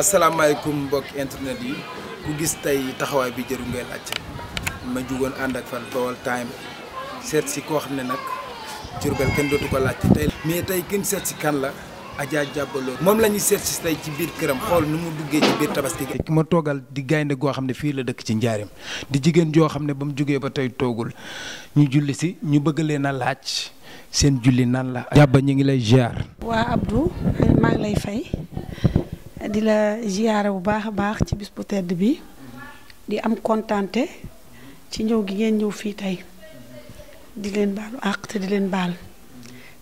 asalaamaaleykum mbokk internet yi ku gis tey taxawaay bi jëru ngay laaj ma jugoon ànd ak fan Baol Time seet si koo xam ne nag Diourbel kenn dootu ko laaj tey. mais tey kenn seet si kan la Adja Diabalo moom la ñuy seet si tey ci biir këram xool nu mu duggee ci biir tabaski ki ma toogal di gaynde goo xam ne fii la dëkk ci njaarim di jigéen joo xam ne ba mu jógee ba tey toogul ñu julli si ñu bëgg leen a laaj seen julli nan la. Diaba ñu ngi lay ziar. waa fay. di la ziyaare bu baax a baax ci bis bu tedd bi di am kontante ci ñëw gi ngeen ñëw fii tey di leen baalu àq te di leen baal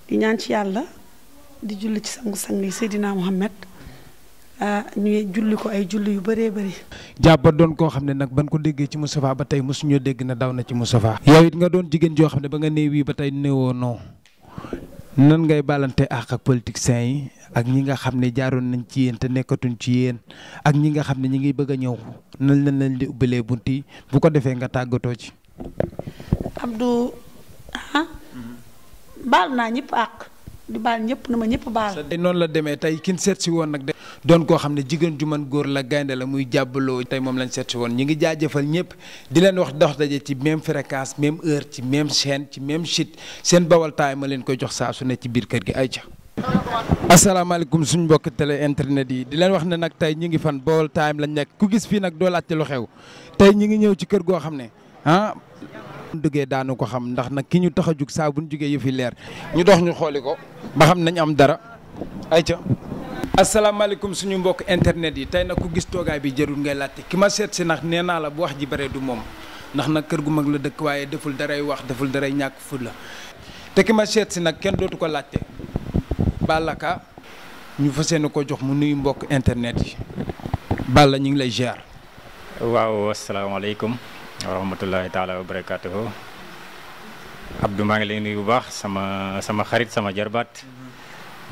di ñaan ci yàlla di julli ci sangu-sang yi Seydina Muhammad ñu julli ko ay julli yu bëree bëri. jàpp doon koo xam ne nag ban ko déggee ci Moustapha ba tey mosuñu dégg na daw na ci Moustapha. yow it nga doon jigéen joo xam ne ba nga néew wii ba tey néewoo noo nan ngay balante àq ak politiciens yi ak ñi nga xam ne jaaroon nañ ci yéen te nekkatuñ ci yéen ak ñi nga xam ne ñi ngi bëgg a ñëw nañ lañ leen di ubbilee bunt yi bu ko defee nga tàggatoo ci. Abdou ah. bal naa ñëpp àq. di baal ñëpp na ma ñëpp baal. noonu la demee tey kin seetsi woon nag. doon koo xam ne jigéen ju mën góor la gaynde la muy jàbbaloo tey moom lañ seet woon ñu ngi jaajëfal ñëpp di leen wax dox daje ci même fréquence même heure ci même chaîne ci même site seen bawal ma leen koy jox saa su ne ci biir kër gi ay ca asalaamaaleykum suñ mbokk tele internet yi di leen wax ne nag tey ñu ngi fan Baol Time lañ nekk ku gis fii nag doo laajte lu xew tey ñu ngi ñëw ci kër goo xam ne ah duggee daanu ko xam ndax nag ki ñu tax a jug saa ñu jugee yëfi leer ñu dox ñu xooli ko ba xam nañ am dara ayca asalaamaaleykum suñu mbokk internet yi tey nag ku gis toogaay bi jarul ngay laajte ki ma seet si nag nee naa la bu wax ji bare du moom ndax nag kër gu mag la dëkk waaye deful daray wax deful daray ñàkk ful la te ki ma seet si nag kenn dootu ko laajte Balla ñu fa yéene ko jox mu nuyu mbokk internet yi Balla ñu ngi lay ziar. waaw asalaamaaleykum wa rahmatullahi taala wa barakatuhu Abdou maa ngi lay nuyu bu baax sama sama xarit sama jarbaat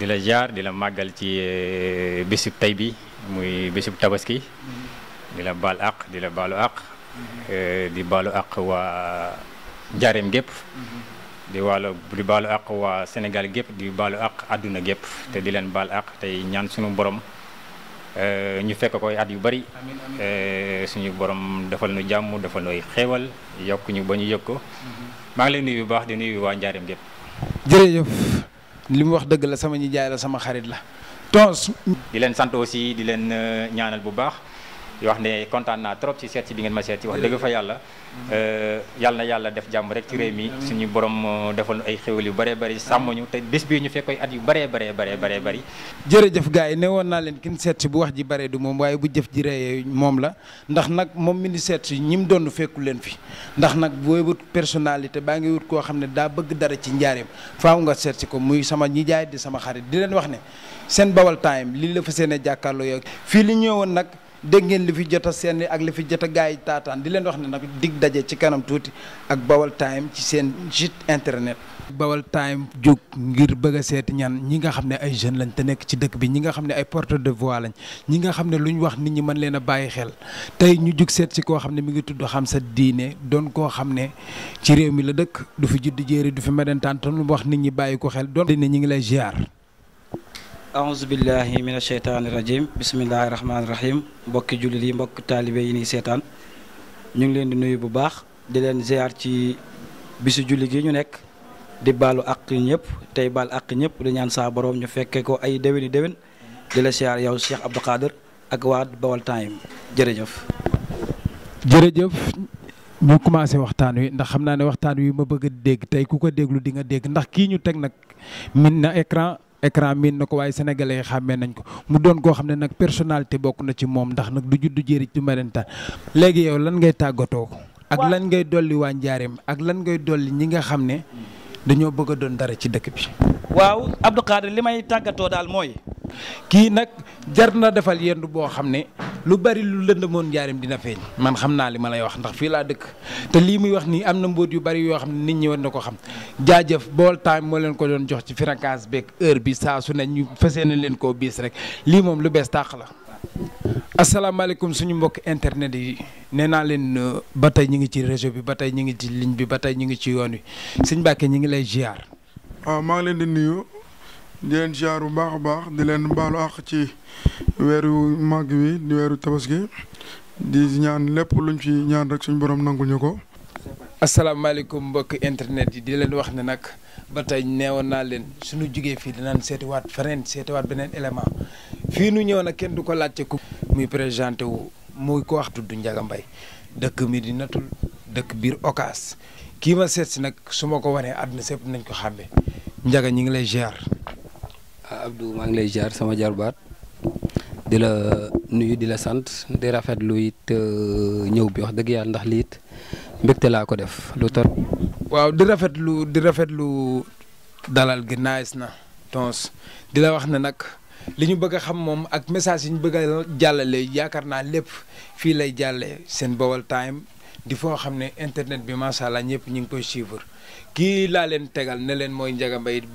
di la jaar di la màggal ci eh, bisib tey bi muy bésub tabaski di la baal àq di la baalu àq eh, di baalu àq waa njaareem gépp di waalo di baalu àq waa Sénégal gépp di baalu àq àdduna gépp te di leen baal àq tey ñaan sunu borom Euh, ñu fekk koy at yu bari euh, suñu borom defal nu jàmm defal nooy xéewal yokk ñu ba ñu yëg ko maa ngi leen nuyu bu baax di nuyu waa njaareem gépp jërëjëf li mu wax dëgg la sama ñi jaay la sama xarit la tons di leen sant aussi di leen euh, ñaanal bu baax di wax ne kontaan naa trop ci seet si bi ngeen ma seet si wax dëgg fa yàlla euh, yàlla yàlla def jàmm rek ci réew su ñu borom euh, defal ay xéwal yu bëree bëri sàmm ñu te bés bii ñu fekk koy at yu bëree bëree bëree bëree bëri jërëjëf gars yi ne woon naa leen kin seet si bu wax ji bëree du moom waaye bu jëf ji reyee moom la ndax nag moom mi ñi mu doon fekku leen fi ndax nag booy wut personnalité baa ngi wut koo xam ne daa bëgg dara ci njaareem faaw nga seet si ko muy sama ñi jaay di sama xarit di leen wax ne seen bawal time lii seen jàkkaarloo yow fii li dégg ngeen li fi jot a seen ak li fi jot a gars yi taataan di leen wax ne nag dig daje ci kanam tuuti ak Baol Time ci seen site internet. Baol Time jug ngir bëgg a seeti ñan ñi nga xam ne ay jeunes lañ te nekk ci dëkk bi ñi nga xam ne ay porte de voix lañ ñi nga xam ne lu ñu wax nit ñi mën leen a bàyyi xel tey ñu jug seet ci koo xam ne mi ngi tudd xam sa diine doon koo xam ne ci réew mi la dëkk du fi judd jéeri du fi medentaan te lu wax nit ñi bàyyi ko xel doon. ne ñi ngi lay ziar. aouzu billahi min asheytaani rajim bisimillahi rahmaani rahim mbokki jullit yi mbokki taalibe yi nii seetaan ñu ngi leen di nuyu bu baax di leen ziar ci bisu julli gi ñu nekk di baalu ak ñëpp tey baal àq ñëpp di ñaan ñu fekkee ko ay déwéni déwén di la siyaar yow Cheikh Abdou Khader ak waa Baol Time jërëjëf. jërëjëf ñu commencé waxtaan wi ndax xam naa ne waxtaan wi ma bëgg dégg tey ku ko déglu di nga dégg ndax kii ñu teg nag min na écran écran miin na ko waaye sénégalais yi nañ ko mu doon koo xam ne nag personnalité bokk na ci moom ndax nag du juddu jëriñ du melentaan léegi yow lan ngay tàggatoo. ak lan ngay dolli waa Njaareem ak lan ngay dolli ñi nga xam ne dañoo bëgg a doon dara ci dëkk bi. waaw Abdou Khadre li may tàggatoo daal mooy kii nag jar na defal yendu boo xam ne. lu bari lu lëndëmoon njaarim dina feeñ man xam naa li ma lay wax ndax fii laa dëkk te lii muy wax nii am na mbóot yu bari yoo xam ne nit ñi war na ko xam jaajëf bool time moo leen ko doon jox ci fréquence beeg heure bi saa su ne ñu fas yéene leen koo biis rek lii moom lu bees tàq la asalaamaaleykum suñu mbokk internet yi nee naa leen euh, ba tey ñu ngi ci réseau bi ba tey ñu ngi ci ligne bi ba tey ñu ngi ci yoon wi sëñ Mbacke ñu ngi lay ziar. waaw ah, maa ngi di leen ziar bu baax baax di leen baalu àq ci weeru mag wi di weeru tabaski di ñaan lépp luñ ci ñaan rek suñ borom nangul ñu ko. asalaamaaleykum mbokk internet yi di leen wax ne nag ba tey neewoon naa leen suñu jugee fii dinaan seetiwaat feneen seetiwaat beneen élément fii nu ñëw nag kenn du ko laajte ku muy présenté wu muy ko wax tudd Ndiaga mbay dëkk natul dëkk biir Ocass kii ma seet si nag su ma ko wanee àdduna sépp nañ ko xàmmee Ndiaga ñi ngi lay ziar. Abdou maa ngi lay jaar sama jarbaat di la nuyu di la sant di rafet rafetlu it euh, ñëw bi wax dëgg yàlla ndax liit mbégte laa ko def lu tor. waaw di rafet lu di rafet lu dalal gi nice na tons di la wax ne nag li ñu bëgg a xam moom ak message yi ñu bëgg a jàllale yaakaar naa lépp fii lay jàlle seen Baol Time di foo xam ne internet bi macha allah ñëpp ñu ngi koy suivre kii laa leen tegal ne leen mooy Ndiaga Mbaye